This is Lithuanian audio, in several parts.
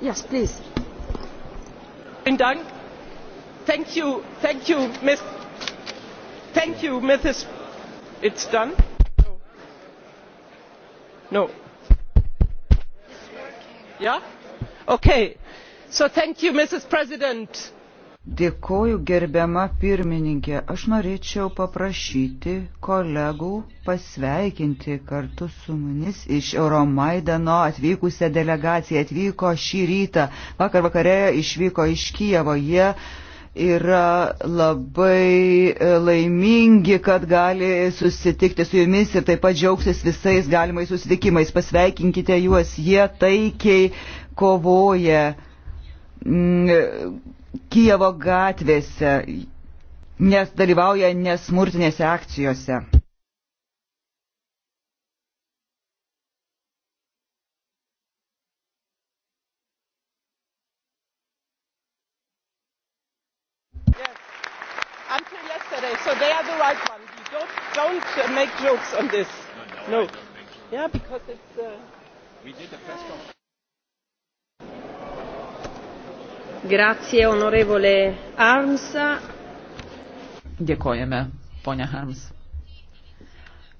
Yes, please. Vielen Dank. Thank you, thank you, Miss, thank you, Mrs. It's done. No. Yeah. Okay. So thank you, Mrs. President Dėkoju gerbiama pirmininkė. Aš norėčiau paprašyti kolegų pasveikinti kartu su mumis iš Euromaidano atvykusią delegaciją. Atvyko šį rytą, vakar vakare išvyko iš Kijevo. Jie yra labai laimingi, kad gali susitikti su jumis ir taip pat džiaugsis visais galimais susitikimais. Pasveikinkite juos, jie taikiai kovoja Mm, Kijevo gatvėse, nes dalyvauja nesmurtinėse akcijose. so they are the right ones. You don't, don't uh, make jokes on this. No. no, no. Yeah, because it's. Uh, we did a press conference. Grazie, honorevole Arms. Dėkojame, ponia Harms.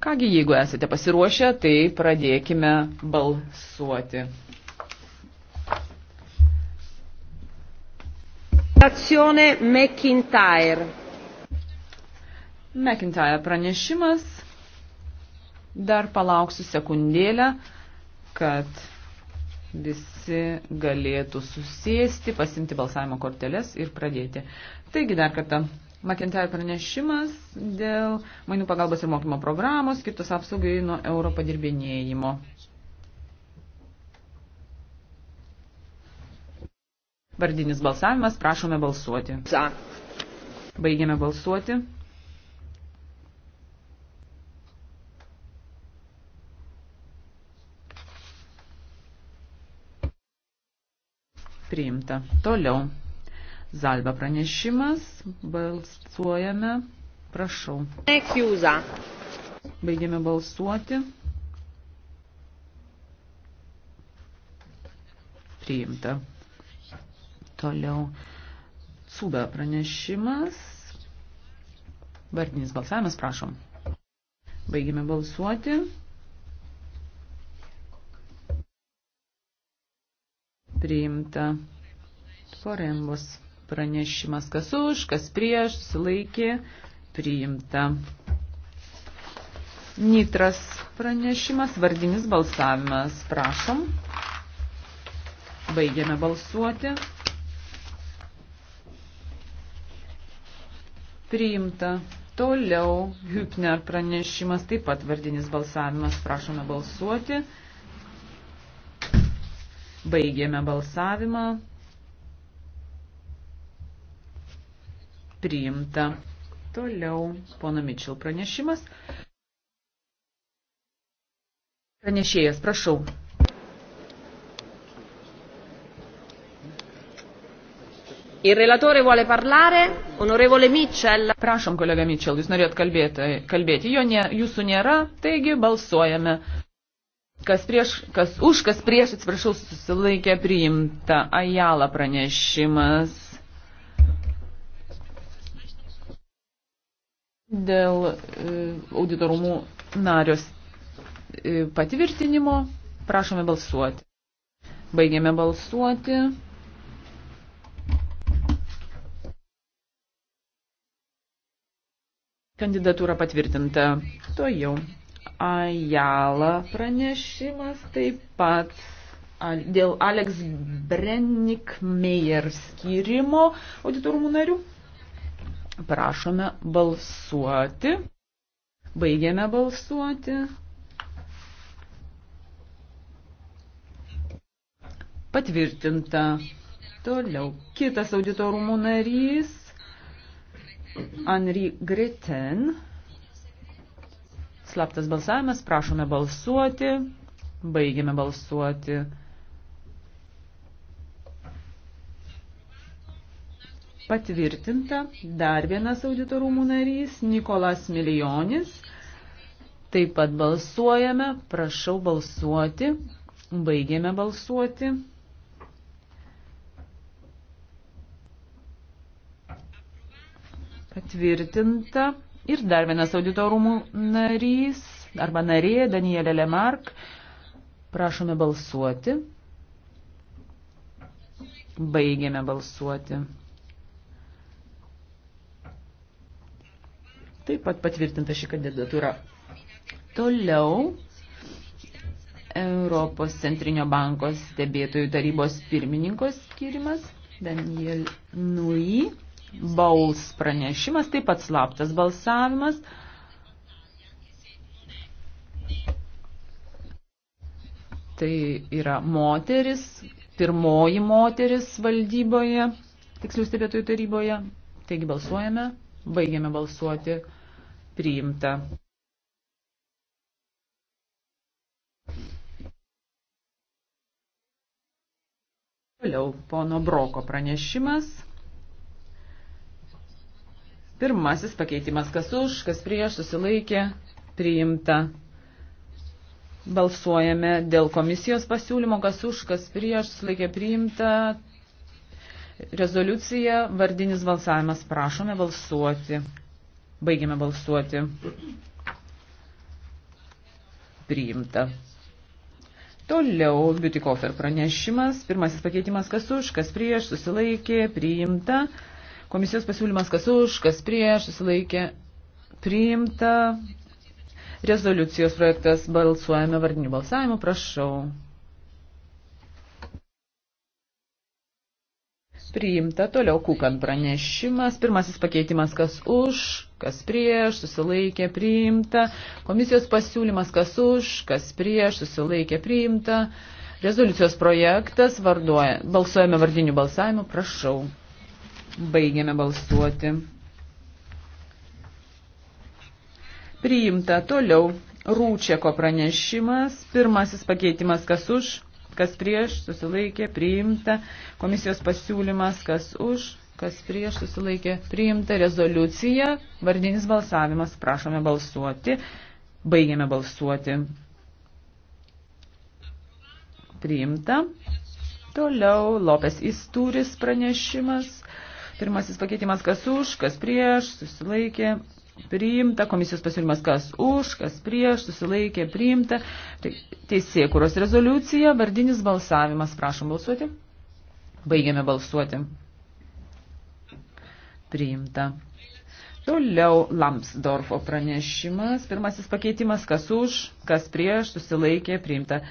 Kągi, jeigu esate pasiruošę, tai pradėkime balsuoti. Azione McIntyre. McIntyre pranešimas. Dar palauksiu sekundėlę, kad visi galėtų susėsti, pasimti balsavimo korteles ir pradėti. Taigi dar kartą. Makentajo pranešimas dėl mainų pagalbos ir mokymo programos skirtos apsaugai nuo euro padirbinėjimo. Vardinis balsavimas, prašome balsuoti. Za. Baigiame balsuoti. Priimta. Toliau. Zalba pranešimas. Balsuojame. Prašau. Nekiuza. Baigėme balsuoti. Priimta. Toliau. Cuba pranešimas. Vardinis balsavimas, prašom. Baigėme balsuoti. priimta. Forembos pranešimas, kas už, kas prieš, sulaikė, priimta. Nitras pranešimas, vardinis balsavimas, prašom. Baigiame balsuoti. Priimta. Toliau Hüpner pranešimas, taip pat vardinis balsavimas, prašome balsuoti. Baigėme balsavimą. Priimta. Toliau pono Mičil pranešimas. Pranešėjas, prašau. Il relatore vuole parlare, onorevole Mitchell. Prašom, kolega Mitchell, jūs norėjot kalbėti, kalbėti. Jo ne, jūsų nėra, taigi balsuojame kas, prieš, kas už, kas prieš, atsiprašau, susilaikė priimta. Ajala pranešimas. Dėl e, auditorumų narios e, patvirtinimo prašome balsuoti. Baigėme balsuoti. Kandidatūra patvirtinta. To jau. Ajala pranešimas taip pat dėl Alex Brennik Meyer skirimo auditorumų narių. Prašome balsuoti. Baigiame balsuoti. Patvirtinta. Toliau. Kitas auditorumų narys. Anri Greten Slaptas balsavimas, prašome balsuoti, baigiame balsuoti. Patvirtinta dar vienas auditorumų narys, Nikolas Milijonis. Taip pat balsuojame, prašau balsuoti, baigiame balsuoti. Patvirtinta Ir dar vienas auditorumų narys arba narė Danielė Lemark. Prašome balsuoti. Baigėme balsuoti. Taip pat patvirtinta ši kandidatūra. Toliau Europos centrinio banko stebėtojų tarybos pirmininkos skirimas Daniel Nui. Bauls pranešimas, taip pat slaptas balsavimas. Tai yra moteris, pirmoji moteris valdyboje, tiksliau stebėtojų taryboje. Taigi balsuojame, baigiame balsuoti, priimta. Toliau pono Broko pranešimas. Pirmasis pakeitimas, kas už, kas prieš, susilaikė, priimta. Balsuojame dėl komisijos pasiūlymo, kas už, kas prieš, susilaikė, priimta. Rezoliucija, vardinis balsavimas, prašome balsuoti. Baigiame balsuoti. Priimta. Toliau Biutikofer pranešimas. Pirmasis pakeitimas kas už, kas prieš, susilaikė, priimta. Komisijos pasiūlymas kas už, kas prieš, susilaikė priimta. Rezoliucijos projektas balsuojame vardiniu balsavimu, prašau. Priimta toliau kūkant pranešimas, pirmasis pakeitimas kas už, kas prieš, susilaikė priimta, komisijos pasiūlymas kas už, kas prieš, susilaikė priimta, rezoliucijos projektas, varduoja, balsuojame vardiniu balsavimu, prašau. Baigiame balsuoti. Priimta toliau Rūčeko pranešimas. Pirmasis pakeitimas, kas už, kas prieš, susilaikė, priimta. Komisijos pasiūlymas, kas už, kas prieš, susilaikė, priimta. Rezoliucija, vardinis balsavimas, prašome balsuoti. Baigiame balsuoti. Priimta. Toliau Lopes Istūris pranešimas. Pirmasis pakeitimas, kas už, kas prieš, susilaikė, priimta, komisijos pasiūlymas kas už, kas prieš, susilaikė, priimta. Tai teisėkuros rezoliucija, vardinis balsavimas, prašom balsuoti. Baigiame balsuoti. Priimta. Toliau Lamsdorfo pranešimas, pirmasis pakeitimas, kas už, kas prieš, susilaikė, priimta.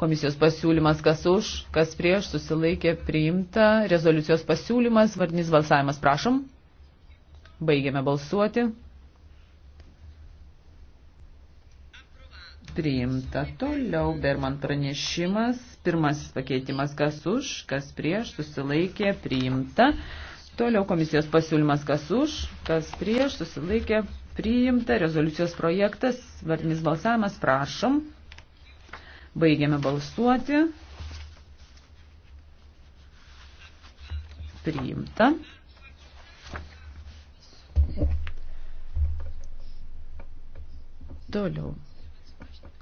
Komisijos pasiūlymas kas už, kas prieš, susilaikė priimta. Rezoliucijos pasiūlymas, vardinis balsavimas, prašom. Baigiame balsuoti. Priimta. Toliau Berman pranešimas. Pirmasis pakeitimas kas už, kas prieš, susilaikė, priimta. Toliau komisijos pasiūlymas kas už, kas prieš, susilaikė, priimta. Rezoliucijos projektas, vardinis balsavimas, prašom. Baigiame balsuoti. Priimta. Toliau.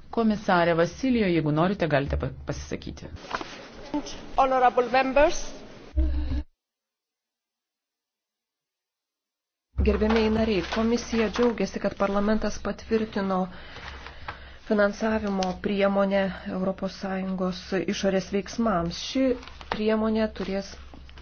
Komisarė Vasilijo, jeigu norite, galite pasisakyti. Honorable members. Gerbėmiai nariai, komisija džiaugiasi, kad parlamentas patvirtino finansavimo priemonė ES išorės veiksmams. Ši priemonė turės,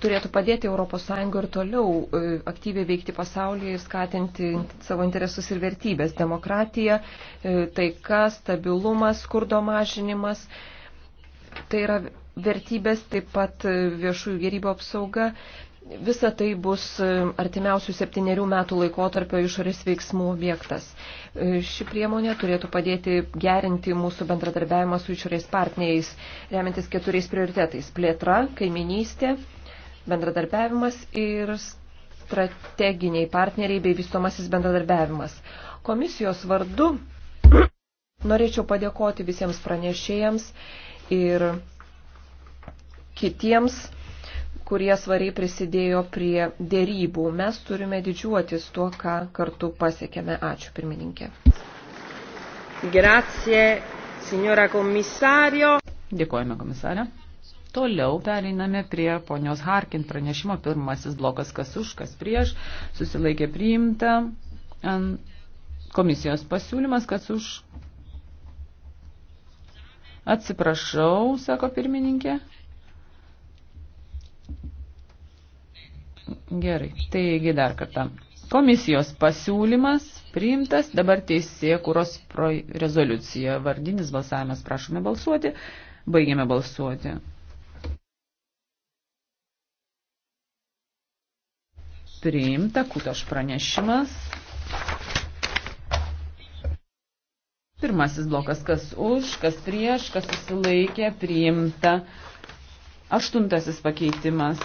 turėtų padėti ES ir toliau e, aktyviai veikti pasaulyje ir skatinti savo interesus ir vertybės - demokratija, e, taika, stabilumas, skurdo mažinimas. Tai yra vertybės, taip pat e, viešųjų gerybių apsauga, Visa tai bus e, artimiausių septyniarių metų laikotarpio išorės veiksmų objektas. E, ši priemonė turėtų padėti gerinti mūsų bendradarbiavimą su išorės partneriais, remiantis keturiais prioritetais - plėtra, kaiminystė, bendradarbiavimas ir strateginiai partneriai bei vystomasis bendradarbiavimas. Komisijos vardu norėčiau padėkoti visiems pranešėjams ir kitiems kurie svariai prisidėjo prie dėrybų. Mes turime didžiuotis tuo, ką kartu pasiekėme. Ačiū, pirmininkė. Grazie, signora komisario. Dėkojame, komisarė. Toliau pereiname prie ponios Harkin pranešimo. Pirmasis blokas, kas už, kas prieš, susilaikė priimta. Komisijos pasiūlymas, kas už. Atsiprašau, sako pirmininkė. Gerai, taigi dar kartą. Komisijos pasiūlymas priimtas, dabar teisėkuros rezoliucija. Vardinis balsavimas, prašome balsuoti. Baigiame balsuoti. Priimta Kutaš pranešimas. Pirmasis blokas, kas už, kas prieš, kas susilaikė, priimta. Aštuntasis pakeitimas,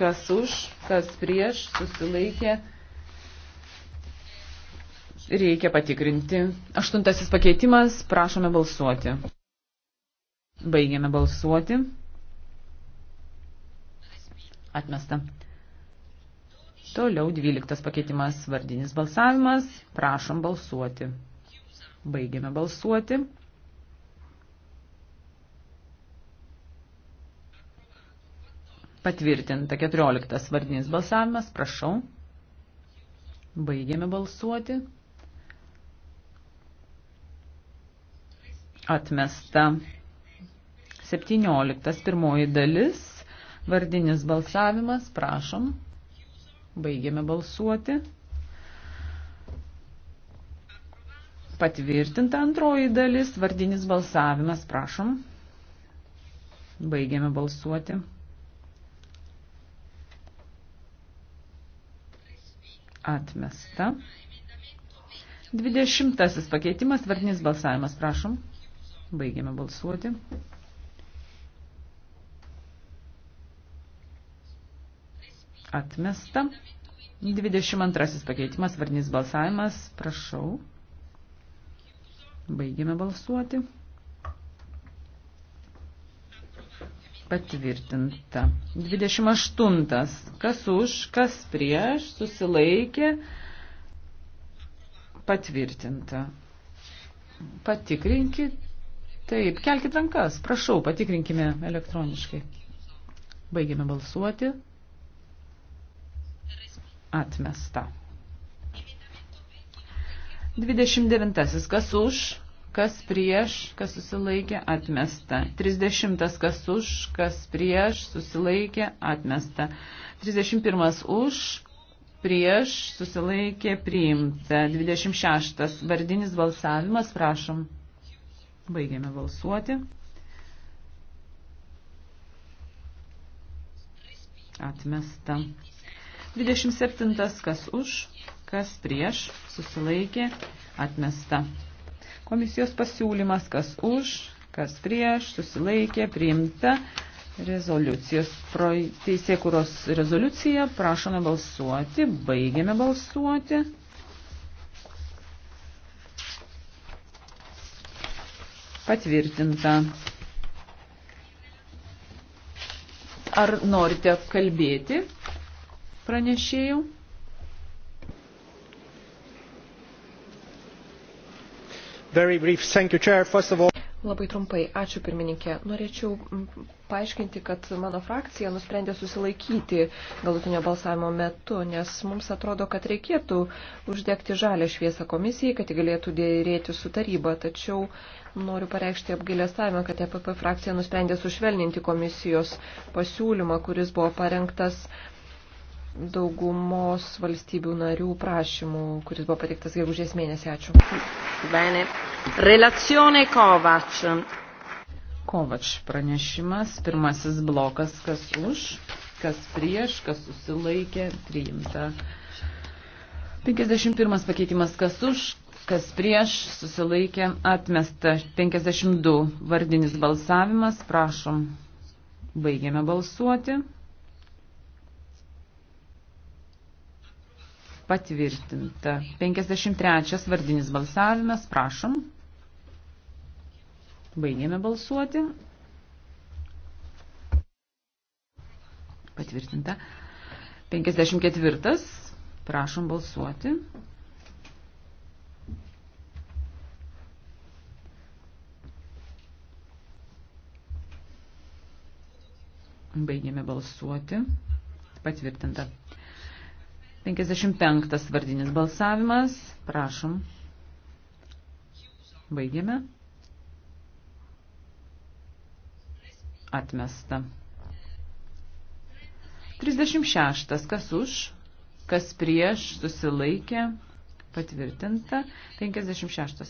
kas už, kas prieš, susilaikė. Reikia patikrinti. Aštuntasis pakeitimas, prašome balsuoti. Baigiame balsuoti. Atmesta. Toliau dvyliktas pakeitimas, vardinis balsavimas, prašom balsuoti. Baigiame balsuoti. Patvirtinta 14 vardinis balsavimas, prašau. Baigėme balsuoti. Atmesta 17 pirmoji dalis, vardinis balsavimas, prašom. Baigėme balsuoti. Patvirtinta antroji dalis, vardinis balsavimas, prašom. Baigėme balsuoti. Atmesta. Dvidešimtasis pakeitimas, vardinis balsavimas, prašom. Baigiame balsuoti. Atmesta. 22 pakeitimas, vardinis balsavimas, prašau. Baigiame balsuoti. patvirtinta. 28. Kas už, kas prieš, susilaikė, patvirtinta. Patikrinkit. Taip, kelkite rankas, prašau, patikrinkime elektroniškai. Baigėme balsuoti. Atmesta. 29. Kas už, kas prieš, kas susilaikė, atmesta. 30 kas už, kas prieš, susilaikė, atmesta. 31 už, prieš, susilaikė, priimta. 26 vardinis balsavimas, prašom. Baigėme balsuoti. Atmesta. 27 kas už, kas prieš, susilaikė, atmesta. Komisijos pasiūlymas, kas už, kas prieš, susilaikė, priimta rezoliucijos, teisėkuros rezoliucija, prašome balsuoti, baigiame balsuoti. Patvirtinta. Ar norite kalbėti pranešėjų? All... Labai trumpai, ačiū pirmininkė. Norėčiau paaiškinti, kad mano frakcija nusprendė susilaikyti galutinio balsavimo metu, nes mums atrodo, kad reikėtų uždegti žalę šviesą komisijai, kad ji galėtų dėrėti su taryba. Tačiau noriu pareikšti apgailestavimą, kad EPP frakcija nusprendė sušvelninti komisijos pasiūlymą, kuris buvo parengtas daugumos valstybių narių prašymų, kuris buvo pateiktas gegužės mėnesį. Ačiū. Bene. Relazione Kovač. Kovač pranešimas, pirmasis blokas, kas už, kas prieš, kas susilaikė, priimta. 51 pakeitimas, kas už, kas prieš, susilaikė, atmesta. 52 vardinis balsavimas, prašom. Baigėme balsuoti. patvirtinta. 53 vardinis balsavimas, prašom. Baigėme balsuoti. Patvirtinta. 54. Prašom balsuoti. Baigėme balsuoti. Patvirtinta. 55 vardinis balsavimas. Prašom. Baigėme. Atmesta. 36. Kas už, kas prieš, susilaikė, patvirtinta. 56.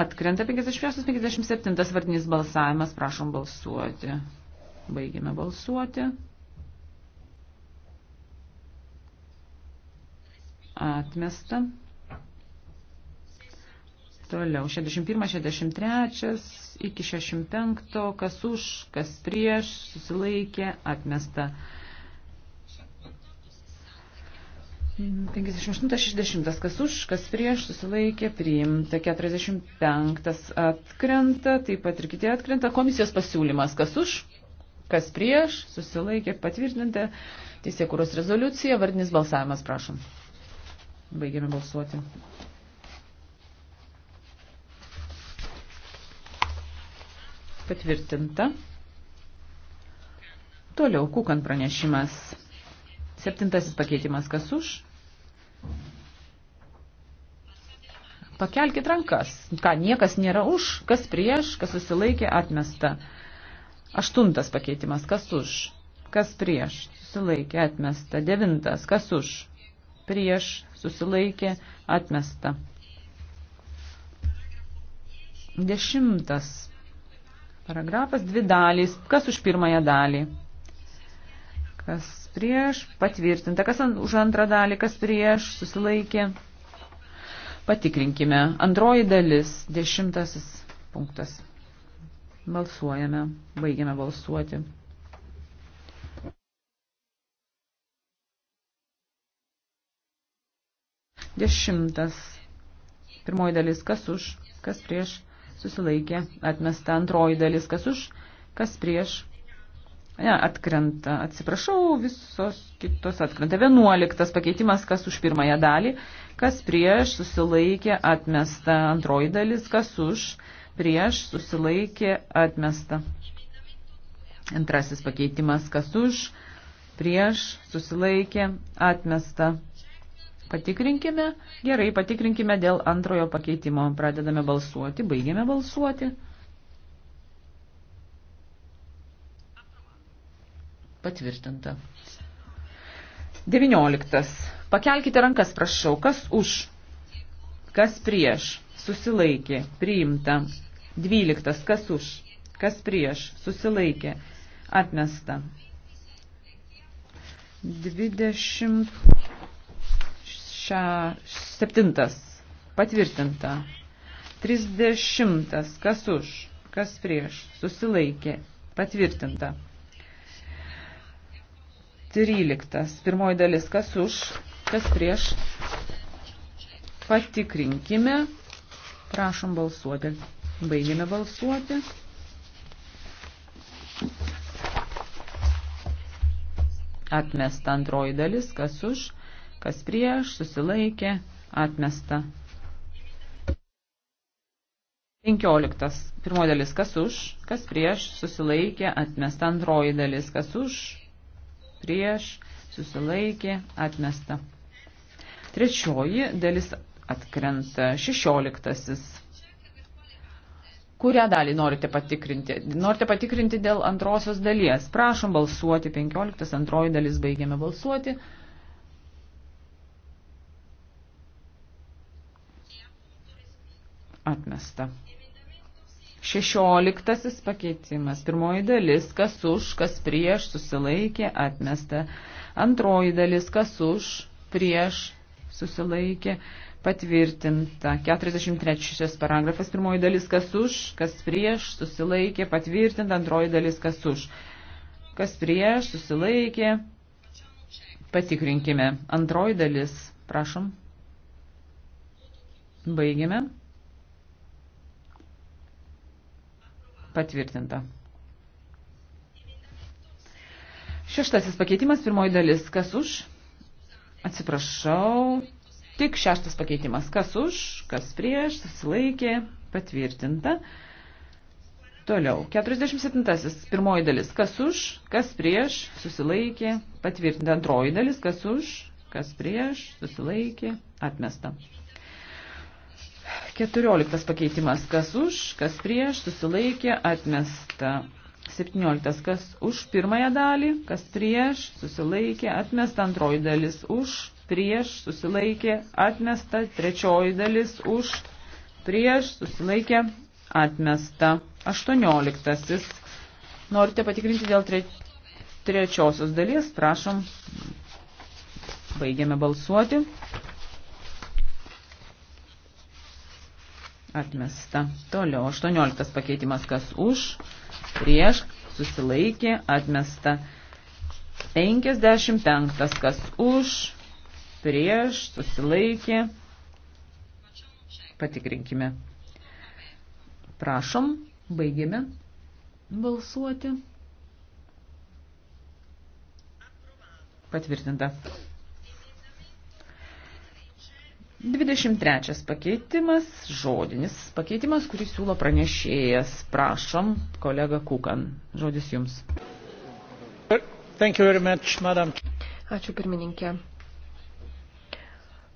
Atkrenta 56, 57 vardinis balsavimas. Prašom balsuoti. Baigėme balsuoti. Atmesta. Toliau 61, 63 iki 65, kas už, kas prieš, susilaikė, atmesta. 58-60, kas už, kas prieš, susilaikė, priimta. 45 atkrenta, taip pat ir kiti atkrenta. Komisijos pasiūlymas, kas už, kas prieš, susilaikė, patvirtinta. Teisėkūros rezoliucija, vardinis balsavimas, prašom. Baigiame balsuoti. Patvirtinta. Toliau kūkant pranešimas. Septintasis pakeitimas kas už? Pakelkit rankas. Ką, niekas nėra už, kas prieš, kas susilaikė, atmesta. Aštuntas pakeitimas kas už? Kas prieš? Susilaikė, atmesta. Devintas kas už? prieš, susilaikė, atmesta. Dešimtas paragrafas, dvi dalys. Kas už pirmąją dalį? Kas prieš, patvirtinta. Kas už antrą dalį, kas prieš, susilaikė. Patikrinkime. Antroji dalis, dešimtasis punktas. Balsuojame, baigiame balsuoti. Dešimtas. Pirmoji dalis, kas už, kas prieš, susilaikė, atmesta. Antroji dalis, kas už, kas prieš, ne, atkrenta. Atsiprašau, visos kitos atkrenta. Vienuoliktas pakeitimas, kas už pirmąją dalį, kas prieš, susilaikė, atmesta. Antroji dalis, kas už, prieš, susilaikė, atmesta. Antrasis pakeitimas, kas už, prieš, susilaikė, atmesta. Patikrinkime. Gerai, patikrinkime dėl antrojo pakeitimo. Pradedame balsuoti, baigiame balsuoti. Patvirtinta. 19. Pakelkite rankas, prašau. Kas už? Kas prieš? Susilaikė. Priimta. 12. Kas už? Kas prieš? Susilaikė. Atmesta. 20 septintas patvirtinta. 30. Kas už, kas prieš, susilaikė, patvirtinta. 13. Pirmoji dalis, kas už, kas prieš, patikrinkime, prašom balsuoti. Baigėme balsuoti. Atmesta antroji dalis, kas už, kas prieš, susilaikė, atmesta. 15. Pirmo dalis, kas už, kas prieš, susilaikė, atmesta. Antroji dalis, kas už, prieš, susilaikė, atmesta. Trečioji dalis atkrenta. 16. Kurią dalį norite patikrinti? Norite patikrinti dėl antrosios dalies. Prašom balsuoti. 15. Antroji dalis baigiame balsuoti. Atmesta. Šešioliktasis pakeitimas. Pirmoji dalis, kas už, kas prieš, susilaikė, atmesta. Antroji dalis, kas už, prieš, susilaikė, patvirtinta. 43 paragrafas. Pirmoji dalis, kas už, kas prieš, susilaikė, patvirtinta. Antroji dalis, kas už, kas prieš, susilaikė. Patikrinkime. Antroji dalis, prašom. Baigime. Patvirtinta. Šeštasis pakeitimas, pirmoji dalis. Kas už? Atsiprašau. Tik šeštas pakeitimas. Kas už, kas prieš, susilaikė, patvirtinta. Toliau. 47. Pirmoji dalis. Kas už, kas prieš, susilaikė, patvirtinta. Antroji dalis. Kas už, kas prieš, susilaikė, atmesta. 14 pakeitimas, kas už, kas prieš, susilaikė, atmesta. 17, kas už pirmąją dalį, kas prieš, susilaikė, atmesta antroji dalis, už, prieš, susilaikė, atmesta, trečioji dalis, už, prieš, susilaikė, atmesta. 18. Norite patikrinti dėl tre... trečiosios dalies, prašom, baigiame balsuoti. Atmesta. Toliau. 18 pakeitimas kas už, prieš, susilaikė, atmesta. 55 kas už, prieš, susilaikė. Patikrinkime. Prašom, baigėme balsuoti. Patvirtinta. 23 pakeitimas, žodinis pakeitimas, kurį siūlo pranešėjas. Prašom, kolega Kukan, žodis jums. Thank you very much, madam. Ačiū pirmininkė.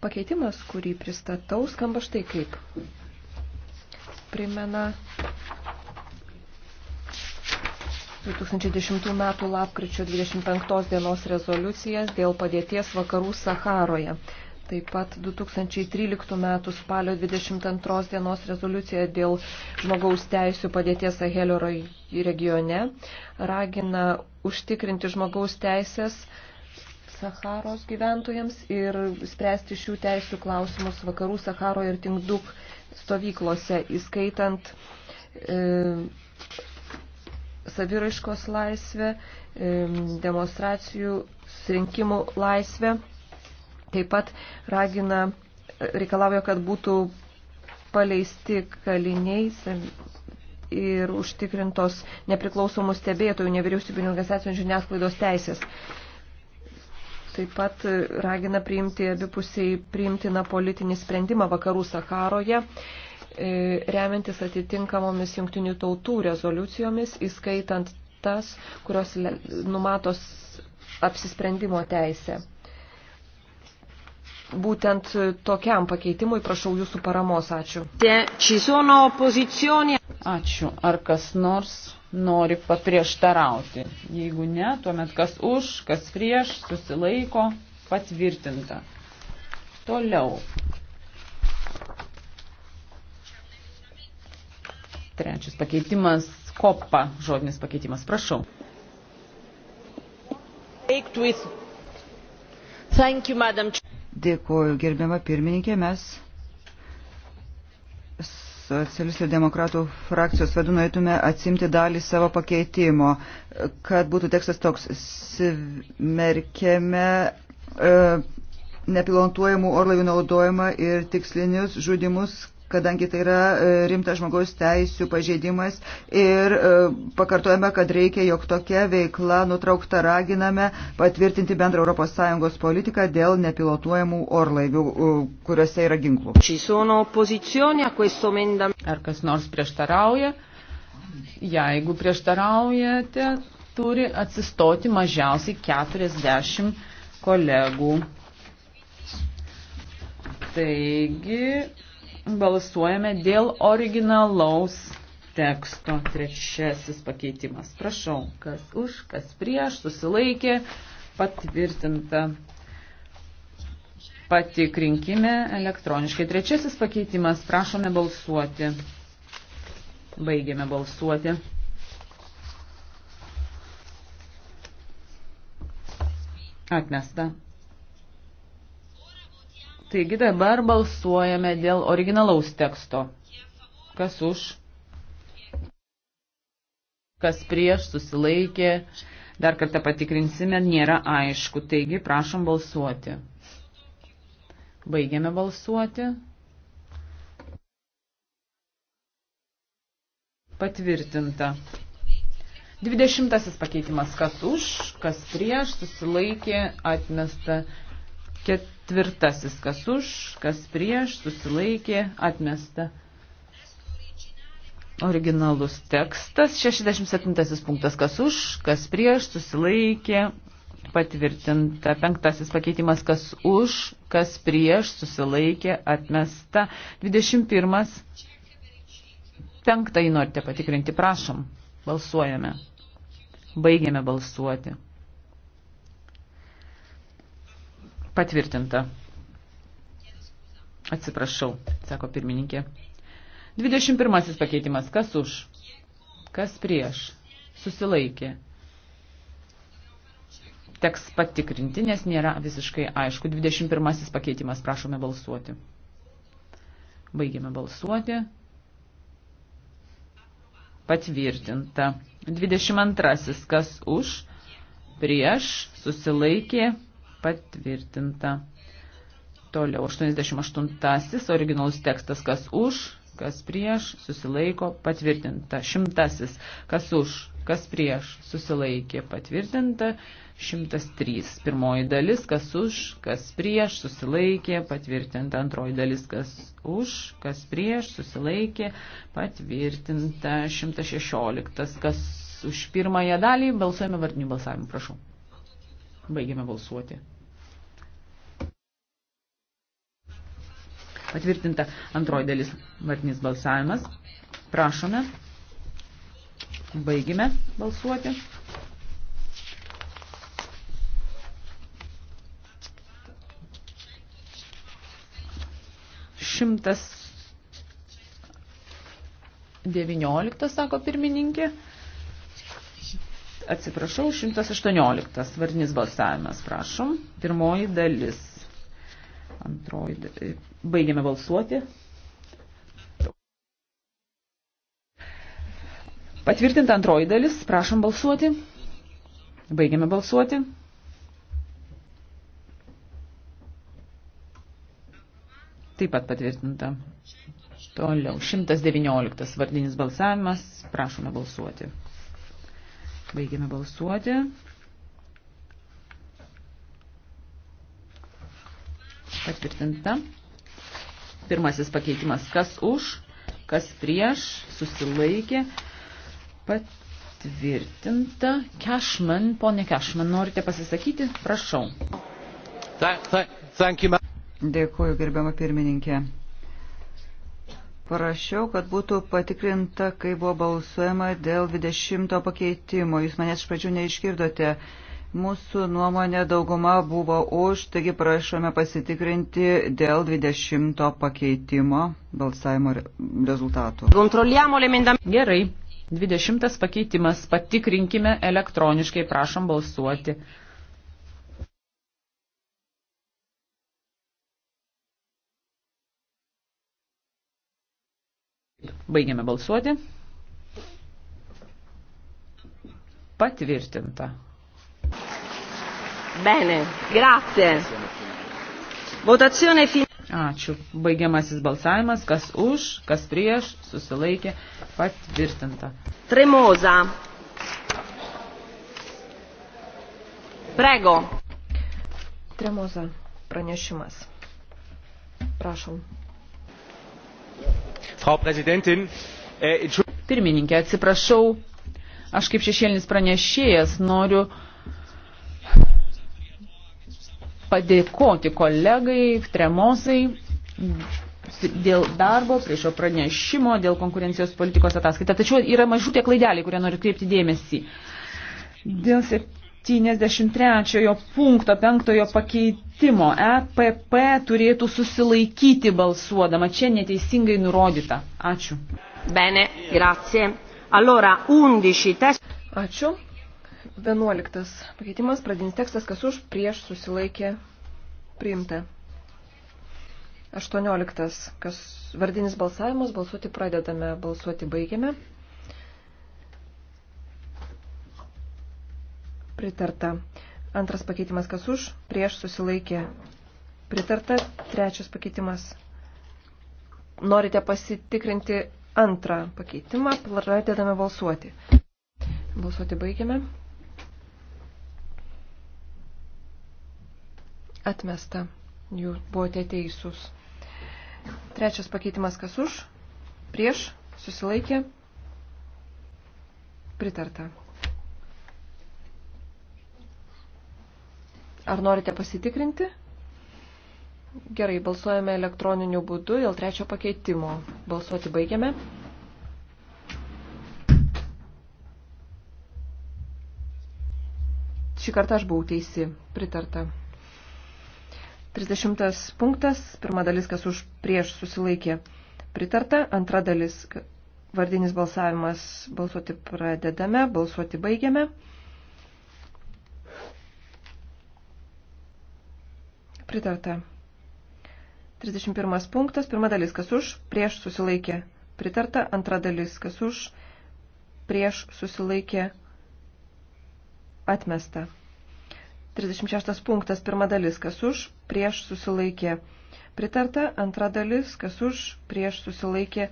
Pakeitimas, kurį pristatau, skamba štai kaip. Primena 2010 m. lapkričio 25 dienos rezoliucijas dėl padėties vakarų Saharoje. Taip pat 2013 m. spalio 22 dienos rezoliucija dėl žmogaus teisų padėties Sahelio regione ragina užtikrinti žmogaus teisės Saharos gyventojams ir spręsti šių teisų klausimus vakarų Saharoje ir Tingduk stovyklose, įskaitant e, saviraiškos laisvę, e, demonstracijų, surinkimų laisvę. Taip pat ragina, reikalauja, kad būtų paleisti kaliniai ir užtikrintos nepriklausomų stebėtojų, nevyriausybinių organizacijų žiniasklaidos teisės. Taip pat ragina priimti abipusiai priimtiną politinį sprendimą vakarų Sakaroje, e, remiantis atitinkamomis jungtinių tautų rezoliucijomis, įskaitant tas, kurios numatos apsisprendimo teisę būtent tokiam pakeitimui prašau jūsų paramos. Ačiū. Ačiū. Ar kas nors nori paprieštarauti? Jeigu ne, tuomet kas už, kas prieš, susilaiko, patvirtinta. Toliau. Trečias pakeitimas, kopa žodinis pakeitimas, prašau. Thank you, Madam Chair. Dėkuoju, gerbiama pirmininkė, mes socialistų demokratų frakcijos vadu norėtume atsimti dalį savo pakeitimo, kad būtų tekstas toks, smerkėme e, nepilotuojamų orlaivių naudojimą ir tikslinius žudimus, kadangi tai yra e, rimtas žmogaus teisų pažeidimas ir e, pakartojame, kad reikia, jog tokia veikla nutraukta raginame patvirtinti bendrą ES politiką dėl nepilotuojamų orlaivių, e, kuriuose yra ginklų. Ar kas nors prieštarauja? Ja, jeigu prieštaraujate, turi atsistoti mažiausiai 40 kolegų. Taigi, balsuojame dėl originalaus teksto. Trečiasis pakeitimas. Prašau, kas už, kas prieš, susilaikė, patvirtinta. Patikrinkime elektroniškai. Trečiasis pakeitimas. Prašome balsuoti. Baigiame balsuoti. Atmesta. Taigi dabar balsuojame dėl originalaus teksto. Kas už? Kas prieš susilaikė? Dar kartą patikrinsime, nėra aišku. Taigi prašom balsuoti. Baigiame balsuoti. Patvirtinta. 20 pakeitimas kas už, kas prieš, susilaikė, atmesta. Ketvirtasis, kas už, kas prieš, susilaikė, atmesta. Originalus tekstas, 67 punktas, kas už, kas prieš, susilaikė, patvirtinta. Penktasis pakeitimas, kas už, kas prieš, susilaikė, atmesta. 21. Penktąjį norite patikrinti, prašom. Balsuojame. Baigiame balsuoti. Patvirtinta. Atsiprašau, sako pirmininkė. 21 pakeitimas. Kas už? Kas prieš? Susilaikė. Teks patikrinti, nes nėra visiškai aišku. 21 pakeitimas. Prašome balsuoti. Baigiame balsuoti. Patvirtinta. 22. Kas už? Prieš? Susilaikė patvirtinta. Toliau 88-asis originalus tekstas, kas už, kas prieš, susilaiko, patvirtinta. Šimtasis, kas už, kas prieš, susilaikė, patvirtinta. 103. Pirmoji dalis, kas už, kas prieš, susilaikė, patvirtinta. Antroji dalis, kas už, kas prieš, susilaikė, patvirtinta. 116. Kas už pirmąją dalį, balsuojame vardinių balsavimų, prašau. Baigėme balsuoti. Patvirtinta antroji dalis vardinis balsavimas. Prašome. Baigime balsuoti. Šimtas devynioliktas, sako pirmininkė. Atsiprašau, 118 vardinis balsavimas, prašom. Pirmoji dalis. Antroji dalis Baigiame balsuoti. Patvirtinta antroji dalis. Prašom balsuoti. Baigiame balsuoti. Taip pat patvirtinta. Toliau. 119 vardinis balsavimas. Prašome balsuoti. Baigiame balsuoti. Patvirtinta. Pirmasis pakeitimas, kas už, kas prieš, susilaikė, patvirtinta. Cashman, ponė Cashman, norite pasisakyti? Prašau. Dėkuoju, gerbiama pirmininkė. Parašiau, kad būtų patikrinta, kai buvo balsuojama dėl 20 pakeitimo. Jūs manęs iš pradžių neišgirdote. Mūsų nuomonė dauguma buvo už, taigi prašome pasitikrinti dėl 20 pakeitimo balsavimo rezultatų. Gerai, 20 pakeitimas, patikrinkime elektroniškai, prašom balsuoti. Baigiame balsuoti. Patvirtinta. Bene, grazie. Votazione finale. Ačiū. Baigiamasis balsavimas, kas už, kas prieš, susilaikė, patvirtinta. Tremoza. Prego. Tremoza pranešimas. Prašom. Frau Präsidentin, äh, Pirmininkė, atsiprašau, aš kaip šešėlinis pranešėjas noriu uh, padėkoti kolegai Tremosai dėl darbo, prie šio pranešimo, dėl konkurencijos politikos ataskaita. Tačiau yra mažutė klaideliai, kurie noriu kreipti dėmesį. Dėl 73 punkto 5 pakeitimo EPP turėtų susilaikyti balsuodama. Čia neteisingai nurodyta. Ačiū. Bene, grazie. Allora, 11 test. Ačiū. 11 pakeitimas, pradinis tekstas, kas už, prieš, susilaikė, priimta. 18. Kas vardinis balsavimas, balsuoti pradedame, balsuoti baigiame. Pritarta. Antras pakeitimas, kas už, prieš, susilaikė, pritarta. Trečias pakeitimas. Norite pasitikrinti antrą pakeitimą, pradedame balsuoti. Balsuoti baigiame. Atmesta. Jūs buvote teisūs. Trečias pakeitimas kas už, prieš, susilaikė, pritarta. Ar norite pasitikrinti? Gerai, balsuojame elektroniniu būdu dėl trečio pakeitimo. Balsuoti baigiame. Šį kartą aš buvau teisi. Pritarta. 30 punktas, pirma dalis, kas už prieš susilaikė pritarta, antra dalis, vardinis balsavimas, balsuoti pradedame, balsuoti baigiame. Pritarta. 31 punktas, pirma dalis, kas už prieš susilaikė pritarta, antra dalis, kas už prieš susilaikė atmesta. 36 punktas, pirma dalis, kas už, prieš susilaikė. Pritarta, antra dalis, kas už, prieš susilaikė.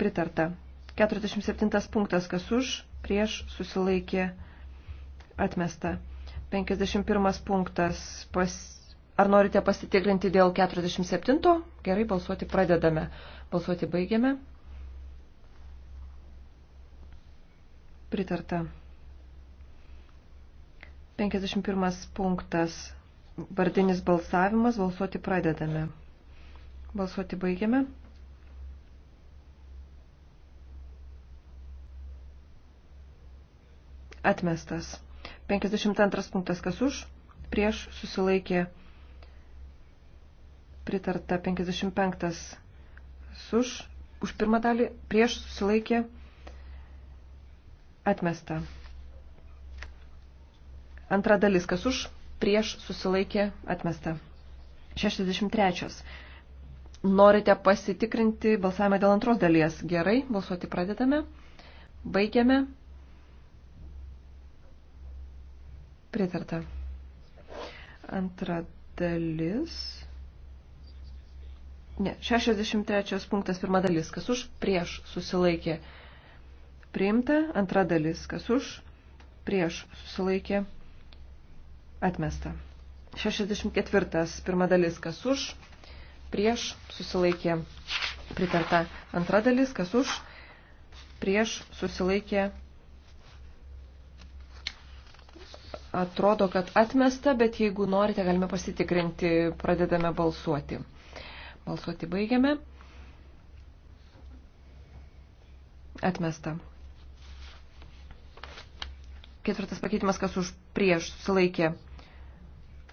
Pritarta. 47 punktas, kas už, prieš susilaikė. Atmesta. 51 punktas, pas... ar norite pasitikrinti dėl 47? Gerai, balsuoti pradedame. Balsuoti baigiame. Pritarta. 51 punktas. Vardinis balsavimas. Balsuoti pradedame. Balsuoti baigiame. Atmestas. 52 punktas. Kas už? Prieš susilaikė. Pritarta 55. Suž. Už pirmą dalį. Prieš susilaikė. Atmesta. Antra dalis, kas už, prieš, susilaikė, atmesta. 63. Norite pasitikrinti balsavimą dėl antros dalies. Gerai, balsuoti pradedame. Baigiame. Pritarta. Antra dalis. Ne, 63 punktas pirma dalis. Kas už? Prieš susilaikė. Priimta. Antra dalis. Kas už? Prieš susilaikė. Atmesta. 64. Pirma dalis, kas už, prieš, susilaikė, pritarta. Antra dalis, kas už, prieš, susilaikė, atrodo, kad atmesta, bet jeigu norite, galime pasitikrinti, pradedame balsuoti. Balsuoti baigiame. Atmesta. Ketvirtas pakeitimas, kas už prieš, susilaikė, pritarta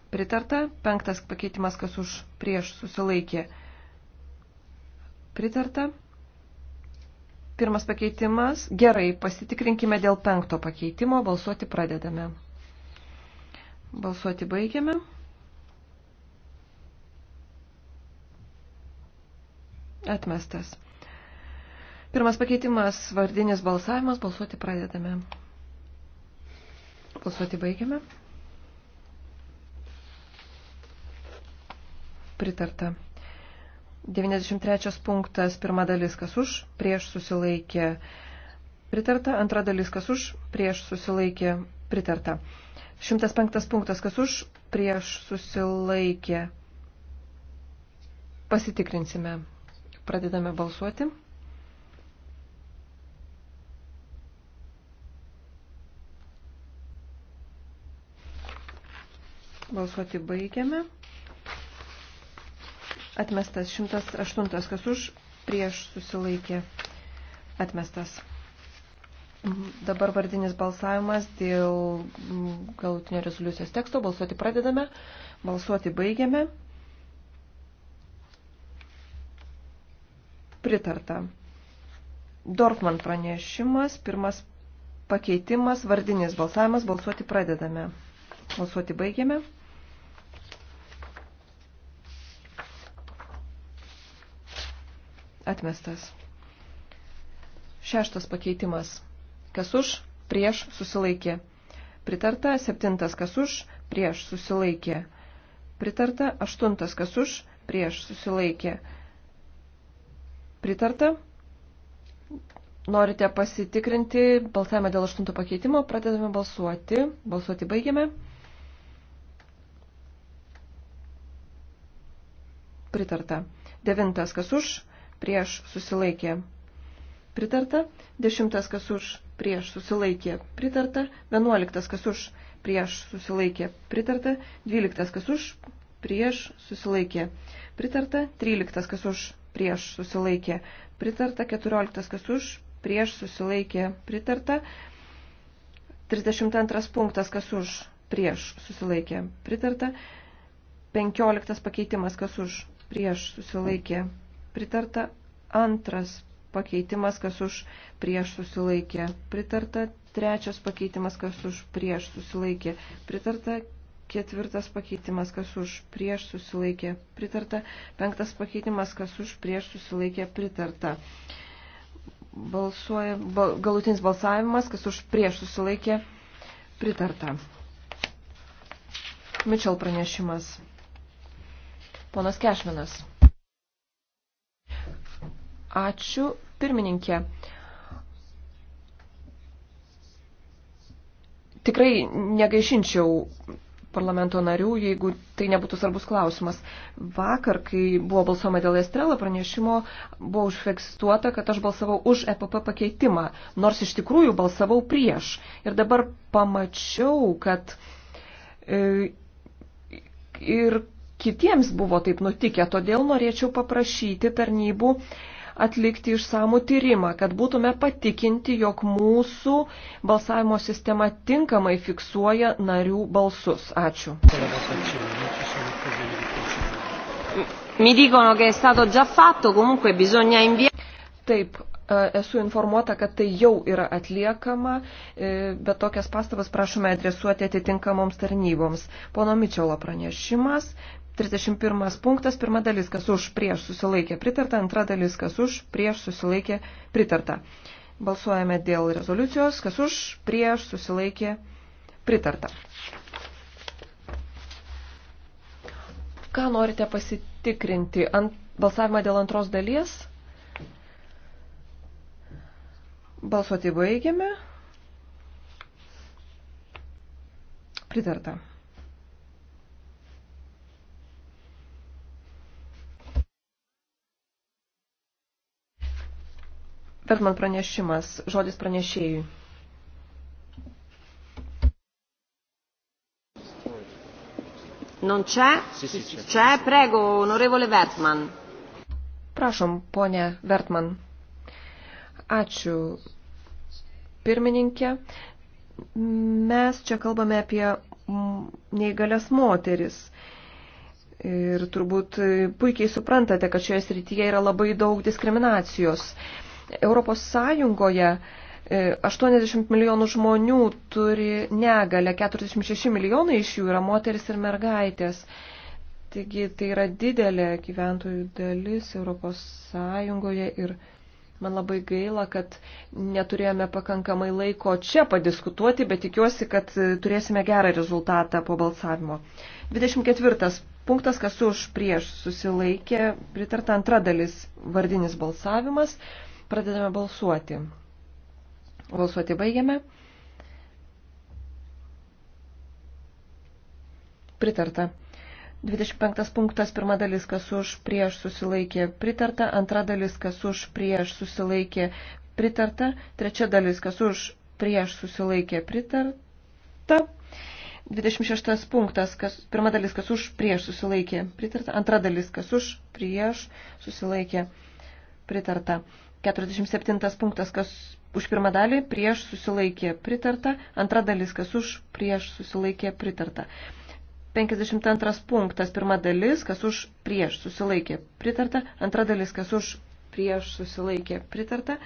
Pritarta. Penktas pakeitimas, kas už prieš susilaikė. Pritarta. Pirmas pakeitimas. Gerai, pasitikrinkime dėl penkto pakeitimo. Balsuoti pradedame. Balsuoti baigiame. Atmestas. Pirmas pakeitimas. Vardinis balsavimas. Balsuoti pradedame. Balsuoti baigiame. pritarta. 93 punktas, pirma dalis kas už, prieš susilaikė pritarta, antra dalis kas už, prieš susilaikė pritarta. 105 punktas kas už, prieš susilaikė. Pasitikrinsime. Pradedame balsuoti. Balsuoti baigiame. Atmestas 108, kas už, prieš susilaikė. Atmestas. Dabar vardinis balsavimas dėl galutinio rezoliucijos teksto. Balsuoti pradedame, balsuoti baigiame. Pritarta. Dorfman pranešimas, pirmas pakeitimas, vardinis balsavimas, balsuoti pradedame. Balsuoti baigiame. atmestas. Šeštas pakeitimas. Kas už, prieš, susilaikė. Pritarta septintas kas už, prieš, susilaikė. Pritarta aštuntas kas už, prieš, susilaikė. Pritarta. Norite pasitikrinti balsavimą dėl aštunto pakeitimo, pradedame balsuoti. Balsuoti baigiame. Pritarta. Devintas kas už, prieš susilaikė pritarta, 10 kas už prieš susilaikė pritarta, 11 kas už prieš susilaikė pritarta, 12 kas už prieš susilaikė pritarta, 13 kas už prieš susilaikė pritarta, 14 kas už prieš susilaikė pritarta, 32 punktas kas už prieš susilaikė pritarta, 15 pakeitimas kas už prieš susilaikė pritarta pritarta antras pakeitimas, kas už prieš susilaikė, pritarta trečias pakeitimas, kas už prieš susilaikė, pritarta ketvirtas pakeitimas, kas už prieš susilaikė, pritarta penktas pakeitimas, kas už prieš susilaikė, pritarta. Balsuoja, bal, galutinis balsavimas, kas už prieš susilaikė, pritarta. Mitchell pranešimas. Ponas Kešminas. Ačiū, pirmininkė. Tikrai negaišinčiau parlamento narių, jeigu tai nebūtų svarbus klausimas. Vakar, kai buvo balsuoma dėl Estrela pranešimo, buvo užfiksuota, kad aš balsavau už EPP pakeitimą, nors iš tikrųjų balsavau prieš. Ir dabar pamačiau, kad e, ir kitiems buvo taip nutikę, todėl norėčiau paprašyti tarnybų atlikti išsamų tyrimą, kad būtume patikinti, jog mūsų balsavimo sistema tinkamai fiksuoja narių balsus. Ačiū. Mi dicono che è stato già fatto, comunque bisogna inviare. Taip, e, esu informuota, kad tai jau yra atliekama, e, bet tokias pastabas prašome adresuoti atitinkamoms tarnyboms. Pono Mičiolo pranešimas. 31 punktas, pirma dalis, kas už, prieš susilaikė pritarta, antra dalis, kas už, prieš susilaikė pritarta. Balsuojame dėl rezoliucijos, kas už, prieš susilaikė pritarta. Ką norite pasitikrinti? Ant balsavimą dėl antros dalies? Balsuoti baigiame. Pritarta. Bergman pranešimas, žodis pranešėjui. Non c'è? C'è, prego, onorevole Vertman. Prašom, ponė Vertman. Ačiū, pirmininkė. Mes čia kalbame apie neįgalias moteris. Ir turbūt puikiai suprantate, kad šioje srityje yra labai daug diskriminacijos. Europos Sąjungoje 80 e, milijonų žmonių turi negalę, 46 milijonai iš jų yra moteris ir mergaitės. Taigi tai yra didelė gyventojų dalis Europos Sąjungoje ir man labai gaila, kad neturėjome pakankamai laiko čia padiskutuoti, bet tikiuosi, kad e, turėsime gerą rezultatą po balsavimo. 24. Punktas, kas už prieš susilaikė, pritarta antra dalis vardinis balsavimas. Pradedame balsuoti. Balsuoti baigiame. Pritarta. 25 punktas, pirma dalis, kas už prieš susilaikė pritarta, antra dalis, kas už prieš susilaikė pritarta, trečia dalis, kas už prieš susilaikė pritarta. 26 punktas, kas, pirma dalis, kas už prieš susilaikė pritarta, antra dalis, kas už prieš susilaikė pritarta. 47 punktas, kas už pirmą dalį, prieš susilaikė pritarta, antra dalis, kas už, prieš susilaikė pritarta. 52 punktas, pirma dalis, kas už, prieš susilaikė pritarta, antra dalis, kas už, prieš susilaikė pritarta.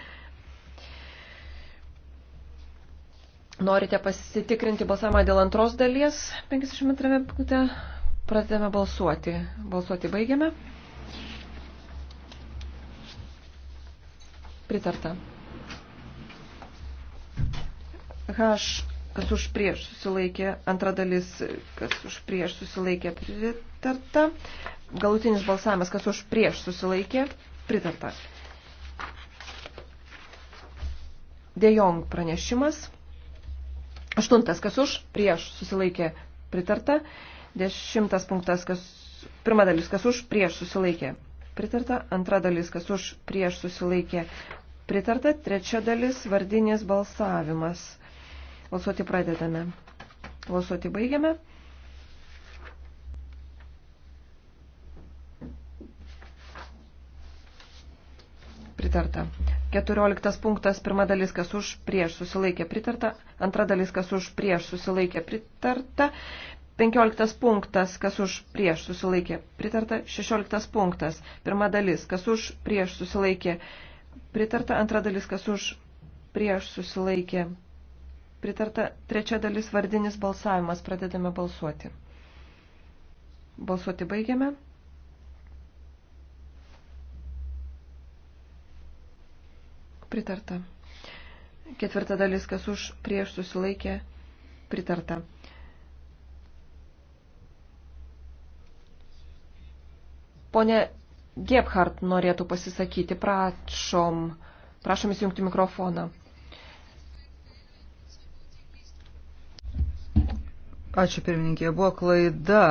Norite pasitikrinti balsavimą dėl antros dalies 52 punkte? Pradedame balsuoti. Balsuoti baigiame. Pritarta. H, kas už prieš susilaikė, antra dalis, kas už prieš susilaikė, pritarta. Galutinis balsavimas, kas už prieš susilaikė, pritarta. Dejong pranešimas. Aštuntas, kas už prieš susilaikė, pritarta. Dešimtas punktas, kas pirma dalis, kas už prieš susilaikė, pritarta, antra dalis, kas už prieš susilaikė pritarta, trečia dalis vardinės balsavimas. Balsuoti pradedame. Balsuoti baigiame. pritarta. 14 punktas, pirma dalis, kas už prieš susilaikė pritarta, antra dalis, kas už prieš susilaikė pritarta, 15 punktas, kas už prieš susilaikė, pritarta 16 punktas, pirma dalis, kas už prieš susilaikė, pritarta antra dalis, kas už prieš susilaikė, pritarta trečia dalis vardinis balsavimas, pradedame balsuoti. Balsuoti baigiame. Pritarta. Ketvirta dalis, kas už prieš susilaikė, pritarta. Pone Gebhardt norėtų pasisakyti, prašom, prašom įsijungti mikrofoną. Ačiū pirmininkė, buvo klaida.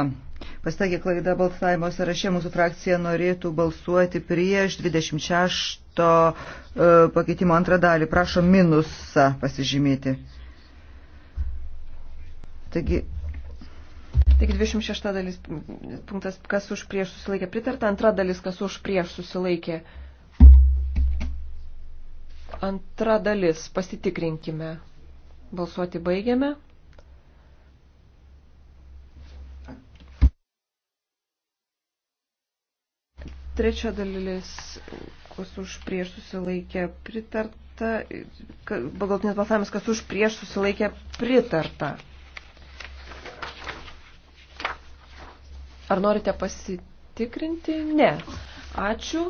Pasakė klaida balsavimo sąraše, mūsų frakcija norėtų balsuoti prieš 26 e, pakeitimo antrą dalį. Prašom minusą pasižymėti. Taigi Taigi 26 dalis punktas, kas už prieš susilaikė pritarta, antra dalis, kas už prieš susilaikė. Antra dalis, pasitikrinkime. Balsuoti baigiame. Trečia dalis, kas už prieš susilaikė pritarta, pagal balsavimas, kas už prieš susilaikė pritarta. Ar norite pasitikrinti? Ne. Ačiū.